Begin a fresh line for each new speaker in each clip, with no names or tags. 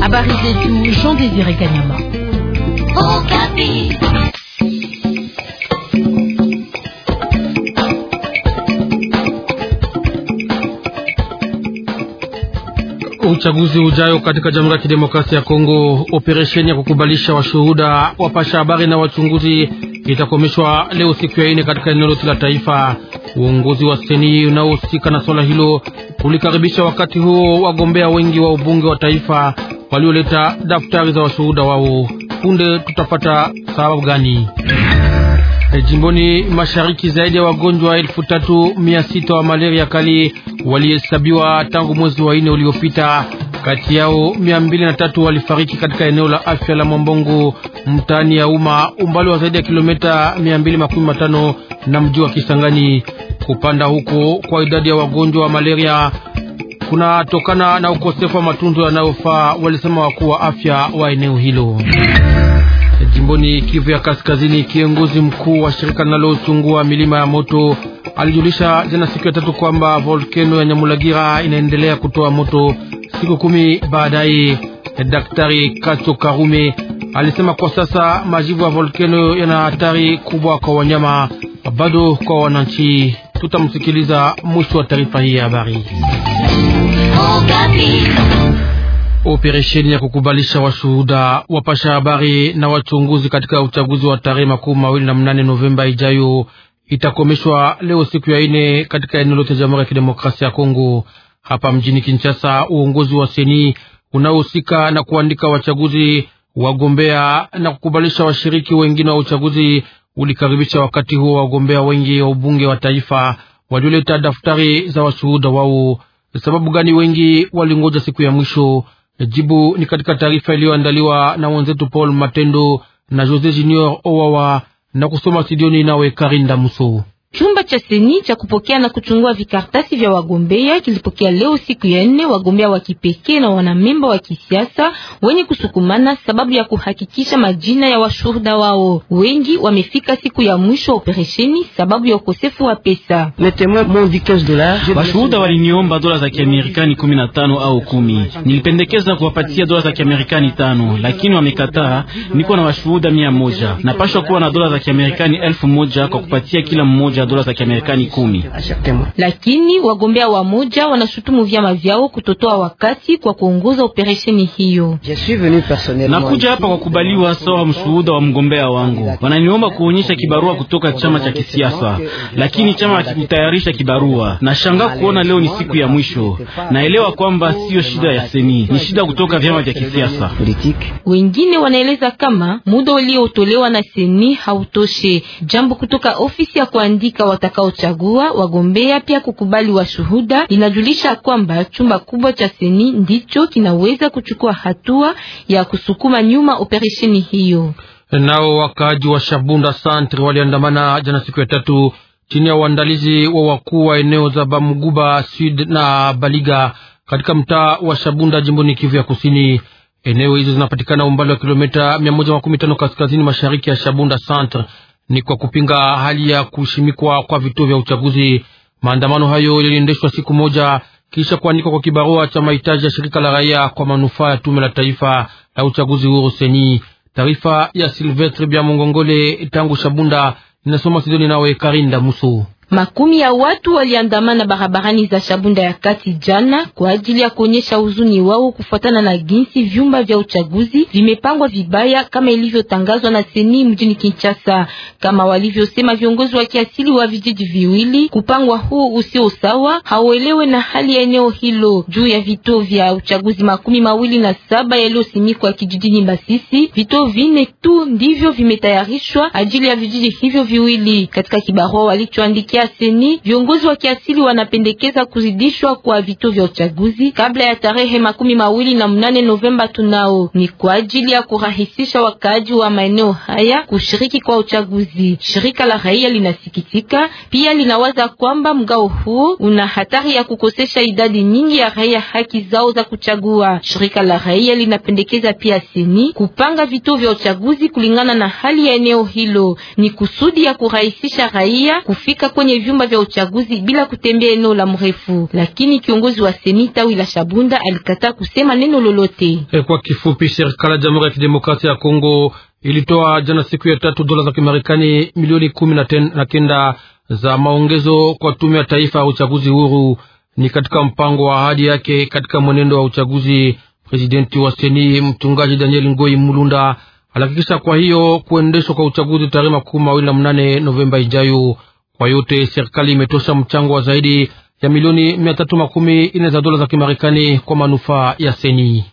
Habari zetu Jean Désiré Kanyama. Okapi.
Uchaguzi ujayo katika Jamhuri ya Kidemokrasia ya Kongo, operesheni ya kukubalisha washuhuda, wapasha habari na wachunguzi itakomeshwa leo siku ya ine katika eneo lote la taifa. Uongozi wa seni unaohusika na swala hilo ulikaribisha wakati huo wagombea wengi wa ubunge wa taifa walioleta daftari za washuhuda wao. Punde tutapata sababu gani? E, jimboni mashariki zaidi ya wagonjwa elfu tatu mia sita wa malaria kali walihesabiwa tangu mwezi wa ine uliopita kati yao mia mbili na tatu walifariki katika eneo la afya la Mwambongo mtaani ya Uma, umbali wa zaidi ya kilomita mia mbili makumi matano na mji wa Kisangani. Kupanda huko kwa idadi ya wagonjwa wa malaria kunatokana na ukosefu wa matunzo yanayofaa, walisema wakuu wa afya wa eneo hilo. Jimboni Kivu ya Kaskazini, kiongozi mkuu wa shirika linalochungua milima ya moto alijulisha jana siku ya tatu kwamba volkeno ya Nyamulagira inaendelea kutoa moto Siku kumi baadaye, Daktari Kato Karume alisema kwa sasa majivu ya volkano yana hatari kubwa kwa wanyama, bado kwa wananchi. Tutamsikiliza mwisho wa taarifa hii ya habari. Operesheni ya kukubalisha washuhuda wapasha habari na wachunguzi katika uchaguzi wa tarehe makumi mawili na mnane Novemba ijayo itakomeshwa leo siku ya ine katika eneo lote ya Jamhuri ya Kidemokrasia ya Kongo hapa mjini Kinshasa. Uongozi wa seni unaohusika na kuandika wachaguzi, wagombea na kukubalisha washiriki wengine wa uchaguzi ulikaribisha wakati huo wagombea wengi wa ubunge wa taifa walioleta daftari za washuhuda wao. Sababu gani wengi walingoja siku ya mwisho? Jibu ni katika taarifa iliyoandaliwa na wenzetu Paul Matendo na Jose Junior Owawa na kusoma studioni nawe Karinda Muso.
Chumba cha seni cha kupokea na kuchungua vikartasi vya wagombea kilipokea leo siku ya nne wagombea wa kipekee na wanamemba wa kisiasa wenye kusukumana sababu ya kuhakikisha majina ya washuhuda wao. Wengi wamefika siku ya mwisho wa operesheni sababu ya ukosefu wa pesa.
Washuhuda waliniomba dola za Kiamerikani kumi na tano au kumi. Nilipendekeza kuwapatia dola za Kiamerikani tano, lakini wamekataa. Niko na washuhuda mia moja. Napashwa kuwa na dola za Kiamerikani elfu moja kwa kupatia kila mmoja dola za Kiamerikani kumi.
Lakini wagombea wa moja wanashutumu vyama vyao kutotoa wakati kwa kuongoza operesheni hiyo.
Nakuja hapa kwa kubaliwa sawa mshuhuda wa mgombea wangu, wananiomba kuonyesha kibarua kutoka chama cha kisiasa, lakini chama hakikutayarisha kibarua. Nashangaa kuona leo ni siku ya mwisho. Naelewa kwamba siyo shida ya seni, ni shida kutoka vyama vya kisiasa.
Wengine wanaeleza kama muda uliotolewa na seni hautoshi. Jambo kutoka ofisi ya kuandika wa watakaochagua wagombea pia kukubali washuhuda. Linajulisha kwamba chumba kubwa cha seni ndicho kinaweza kuchukua hatua ya kusukuma nyuma operesheni hiyo.
Nao wakaaji wa Shabunda Santre waliandamana jana siku ya tatu chini ya uandalizi wa wakuu wa eneo za Bamuguba Sud na Baliga katika mtaa wa Shabunda jimboni Kivu ya Kusini. Eneo hizo zinapatikana umbali wa kilomita 115 kaskazini mashariki ya Shabunda Centre ni kwa kupinga hali ya kushimikwa kwa vituo vya uchaguzi. Maandamano hayo yaliendeshwa siku moja kisha kuandikwa kwa kibarua cha mahitaji ya shirika la raia kwa manufaa ya tume la taifa la uchaguzi huru seni. Taarifa ya Silvestre Bya Mongongole tangu Shabunda, inasoma Sidoni nawe Karinda Muso.
Makumi ya watu waliandamana barabarani za Shabunda ya kati jana kwa ajili ya kuonyesha huzuni wao kufuatana na ginsi vyumba vya uchaguzi vimepangwa vibaya kama ilivyotangazwa na seni mjini Kinshasa. Kama walivyosema viongozi wa kiasili wa vijiji viwili, kupangwa huu usio sawa hauelewe na hali ya eneo hilo. Juu ya vituo vya uchaguzi makumi mawili na saba yaliyosimikwa kijijini Basisi, vituo vine tu ndivyo vimetayarishwa ajili ya vijiji hivyo viwili. Katika kibarua walichoandikia kupitia seni, viongozi wa kiasili wanapendekeza kuzidishwa kwa vituo vya uchaguzi kabla ya tarehe makumi mawili na mnane Novemba. Tunao ni kwa ajili ya kurahisisha wakaaji wa maeneo haya kushiriki kwa uchaguzi. Shirika la raia linasikitika pia, linawaza kwamba mgao huo una hatari ya kukosesha idadi nyingi ya raia haki zao za kuchagua. Shirika la raia linapendekeza pia seni kupanga vituo vya uchaguzi kulingana na hali ya eneo hilo, ni kusudi ya kurahisisha raia kufika kwenye kwenye vyumba vya uchaguzi bila kutembea eneo la mrefu, lakini kiongozi wa senita wila Shabunda alikataa kusema neno lolote.
E, kwa kifupi, serikali ya Jamhuri ya Kidemokrasia ya Kongo ilitoa jana siku ya tatu dola za Kimarekani milioni kumi na, ten, na kenda za maongezo kwa tume ya taifa ya uchaguzi huru. Ni katika mpango wa ahadi yake katika mwenendo wa uchaguzi. Presidenti wa seni mchungaji Daniel Ngoi Mulunda alihakikisha kwa hiyo kuendeshwa kwa uchaguzi tarehe makumi mawili na mnane Novemba ijayo. Kwa yote serikali imetosha mchango wa zaidi ya milioni mia tatu makumi za dola za Kimarekani kwa manufaa ya Seni.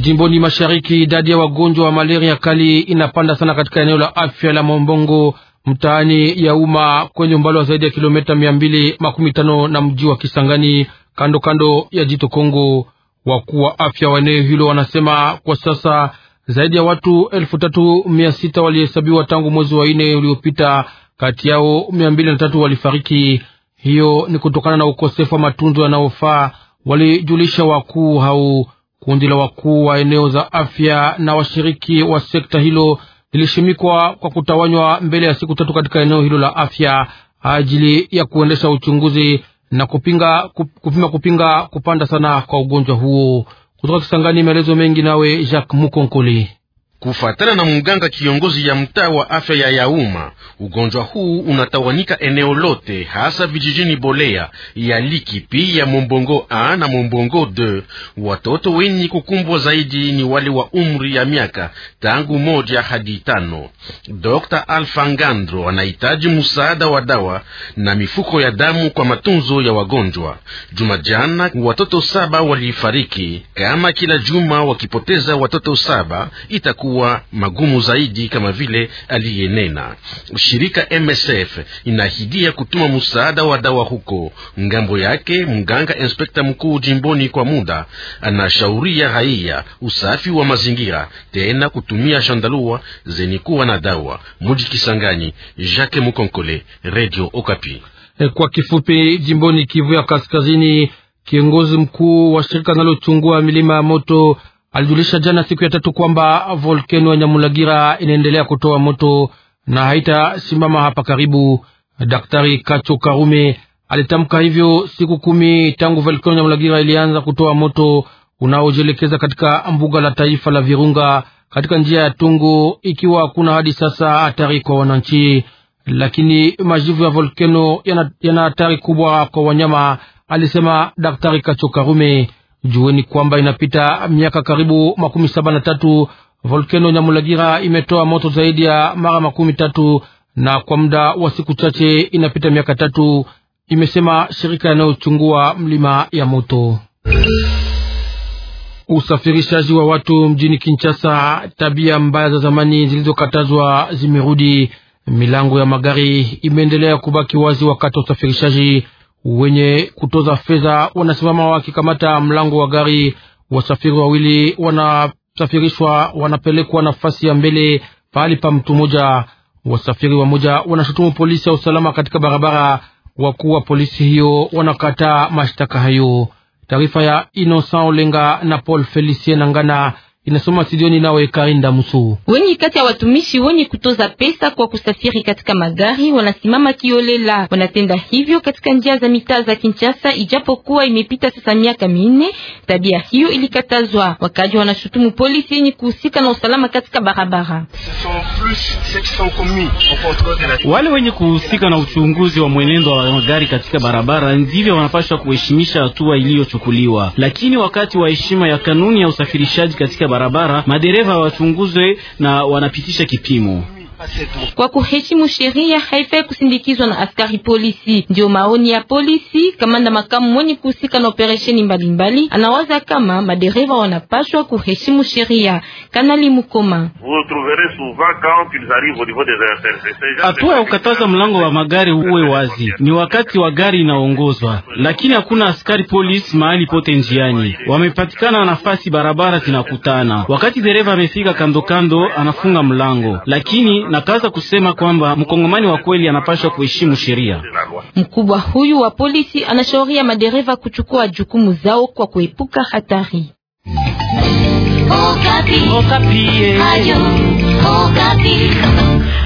Jimboni mashariki, idadi ya wagonjwa wa malaria kali inapanda sana katika eneo la afya la Mombongo mtaani ya umma kwenye umbali wa zaidi ya kilomita mia mbili makumi tano na mji wa Kisangani kando kando ya jito Kongo. Wakuu wa afya wa eneo hilo wanasema kwa sasa zaidi ya watu elfu tatu mia sita walihesabiwa tangu mwezi wa nne uliopita kati yao mia mbili na tatu walifariki. Hiyo ni kutokana na ukosefu wa matunzo yanayofaa, walijulisha wakuu hao. Kundi la wakuu wa eneo za afya na washiriki wa sekta hilo lilishimikwa kwa kutawanywa mbele ya siku tatu katika eneo hilo la afya ajili ya kuendesha uchunguzi na kupinga kupima kupinga kupanda sana kwa ugonjwa huo. Kutoka Kisangani, maelezo mengi nawe Jacques Mukonkoli. Kufatana na mganga kiongozi ya mtaa wa afya ya Yauma, ugonjwa huu unatawanika eneo lote, hasa vijijini Bolea ya Likipi ya Mombongo A na Mombongo D. Watoto wenye kukumbwa zaidi ni wale wa umri ya miaka tangu moja hadi tano. Dr. alfangandro anahitaji msaada wa dawa na mifuko ya damu kwa matunzo ya wagonjwa. Jumajana watoto saba walifariki, kama kila juma wakipoteza watoto saba itakuwa kuwa magumu zaidi, kama vile aliyenena. Shirika MSF inahidia kutuma msaada wa dawa huko ngambo yake. Mganga inspekta mkuu jimboni kwa muda anashauria raia usafi wa mazingira, tena kutumia shandalua zenye kuwa na dawa. Muji Kisangani, Jacques Mukonkole, Radio Okapi. Eh, kwa kifupi, jimboni Kivu ya Kaskazini, kiongozi mkuu wa shirika linalochungua milima ya moto alijulisha jana siku ya tatu kwamba volkeno ya Nyamulagira inaendelea kutoa moto na haitasimama hapa karibu. Daktari Kacho Karume alitamka hivyo siku kumi tangu volkeno Nyamulagira ilianza kutoa moto unaojielekeza katika mbuga la taifa la Virunga katika njia ya Tungu, ikiwa hakuna hadi sasa hatari kwa wananchi, lakini majivu ya volkeno yana hatari kubwa kwa wanyama, alisema Daktari Kacho Karume. Jueni kwamba inapita miaka karibu makumi saba na tatu volkeno Nyamulagira imetoa moto zaidi ya mara makumi tatu na kwa muda wa siku chache inapita miaka tatu, imesema shirika yanayochungua mlima ya moto. Usafirishaji wa watu mjini Kinshasa, tabia mbaya za zamani zilizokatazwa zimerudi. Milango ya magari imeendelea kubaki wazi wakati wa usafirishaji wenye kutoza fedha wanasimama wakikamata mlango wa gari. Wasafiri wawili wanasafirishwa, wanapelekwa nafasi ya mbele pahali pa mtu mmoja. Wasafiri wamoja wanashutumu polisi ya usalama katika barabara. Wakuu wa polisi hiyo wanakataa mashtaka hayo. Taarifa ya Innocent Olenga na Paul Felicien Nangana inasoma studioni nawe Karinda Musu.
Wengi kati ya watumishi wenye kutoza pesa kwa kusafiri katika magari wanasimama kiolela. Wanatenda hivyo katika njia za mitaa za Kinshasa, ijapokuwa imepita sasa miaka minne, tabia hiyo ilikatazwa. Wakaji wanashutumu polisi yenye kuhusika na usalama katika barabara.
Wale wenye kuhusika na uchunguzi wa mwenendo wa magari katika barabara ndivyo wanapaswa kuheshimisha hatua iliyochukuliwa, lakini wakati wa heshima ya kanuni ya usafirishaji katika barabara, madereva wachunguzwe na wanapitisha kipimo
kwa kuheshimu sheria haifai kusindikizwa na askari polisi. Ndio maoni ya polisi. Kamanda makamu mwenye kuhusika na operesheni mbalimbali anawaza kama madereva wanapaswa kuheshimu sheria. Kanali Mukoma hatua ya kukataza mlango wa magari uwe wazi ni wakati wa gari inaongozwa,
lakini hakuna askari polisi mahali pote njiani. Wamepatikana nafasi barabara zinakutana, wakati dereva amefika kandokando anafunga mlango, lakini nakaza kusema kwamba mkongomani wa kweli anapaswa kuheshimu sheria.
Mkubwa huyu wa polisi anashauria madereva kuchukua jukumu zao kwa kuepuka hatari.
Okapi. Okapi. Eh. Okapi.